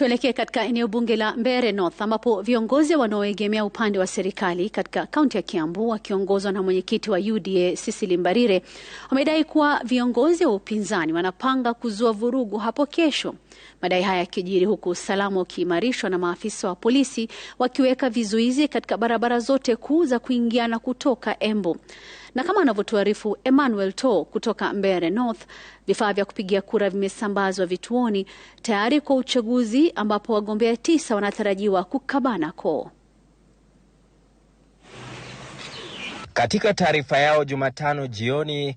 Tuelekee katika eneo bunge la Mbeere North ambapo viongozi wanaoegemea upande wa serikali katika kaunti ya Kiambu wakiongozwa na mwenyekiti wa UDA Cecily Mbarire wamedai kuwa viongozi wa upinzani wanapanga kuzua vurugu hapo kesho. Madai haya yakijiri huku usalama ukiimarishwa na maafisa wa polisi wakiweka vizuizi katika barabara zote kuu za kuingia na kutoka Embu. Na kama anavyotuarifu Emmanuel To kutoka Mbeere North, vifaa vya kupigia kura vimesambazwa vituoni tayari kwa uchaguzi ambapo wagombea tisa wanatarajiwa kukabana koo. Katika taarifa yao Jumatano jioni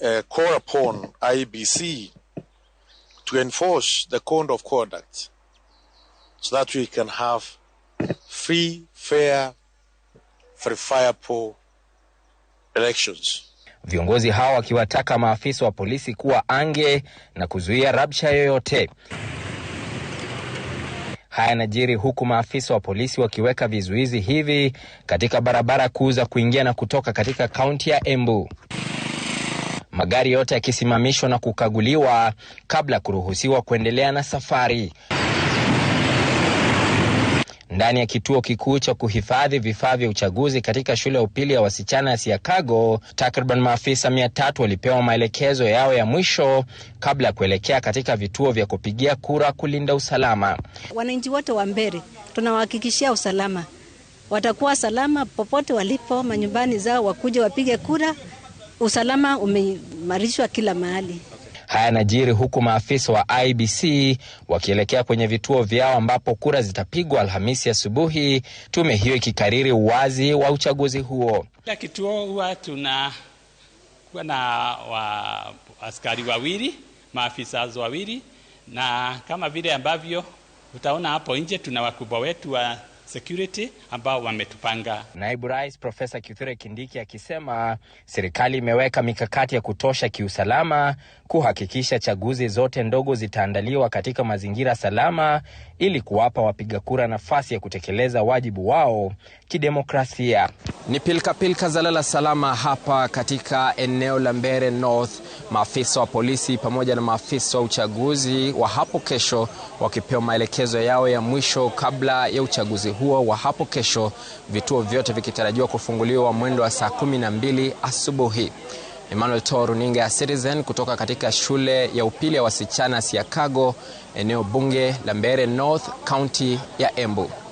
uh, call upon IBC to enforce the code of conduct so that we can have free, fair, verifiable elections. Viongozi hao wakiwataka maafisa wa polisi kuwa ange na kuzuia rabsha yoyote. Haya yanajiri huku maafisa wa polisi wakiweka vizuizi hivi katika barabara kuu za kuingia na kutoka katika kaunti ya Embu magari yote yakisimamishwa na kukaguliwa kabla ya kuruhusiwa kuendelea na safari. Ndani ya kituo kikuu cha kuhifadhi vifaa vya uchaguzi katika shule ya upili ya wasichana ya Siakago, takriban maafisa mia tatu walipewa maelekezo yao ya mwisho kabla ya kuelekea katika vituo vya kupigia kura kulinda usalama. Wananchi wote wa mbere tunawahakikishia usalama, watakuwa salama popote walipo manyumbani zao, wakuja wapige kura usalama umeimarishwa kila mahali. Haya najiri huku maafisa wa IBC wakielekea kwenye vituo vyao ambapo kura zitapigwa Alhamisi asubuhi, tume hiyo ikikariri uwazi wa uchaguzi huo. Kila kituo huwa tunakuwa na wa, askari wawili, maafisa wawili, na kama vile ambavyo utaona hapo nje tuna wakubwa wetu wa security ambao wametupanga. Naibu Rais Profesa Kithure Kindiki akisema serikali imeweka mikakati ya kutosha kiusalama kuhakikisha chaguzi zote ndogo zitaandaliwa katika mazingira salama ili kuwapa wapiga kura nafasi ya kutekeleza wajibu wao kidemokrasia. Ni pilkapilka za lala salama hapa katika eneo la Mbere North, maafisa wa polisi pamoja na maafisa wa uchaguzi wa hapo kesho wakipewa maelekezo yao ya mwisho kabla ya uchaguzi huo wa hapo kesho, vituo vyote vikitarajiwa kufunguliwa mwendo wa saa 12 asubuhi. Emmanuel To, runinga ya Citizen kutoka katika shule ya upili ya wasichana Siakago, eneo bunge la Mbeere North, kaunti ya Embu.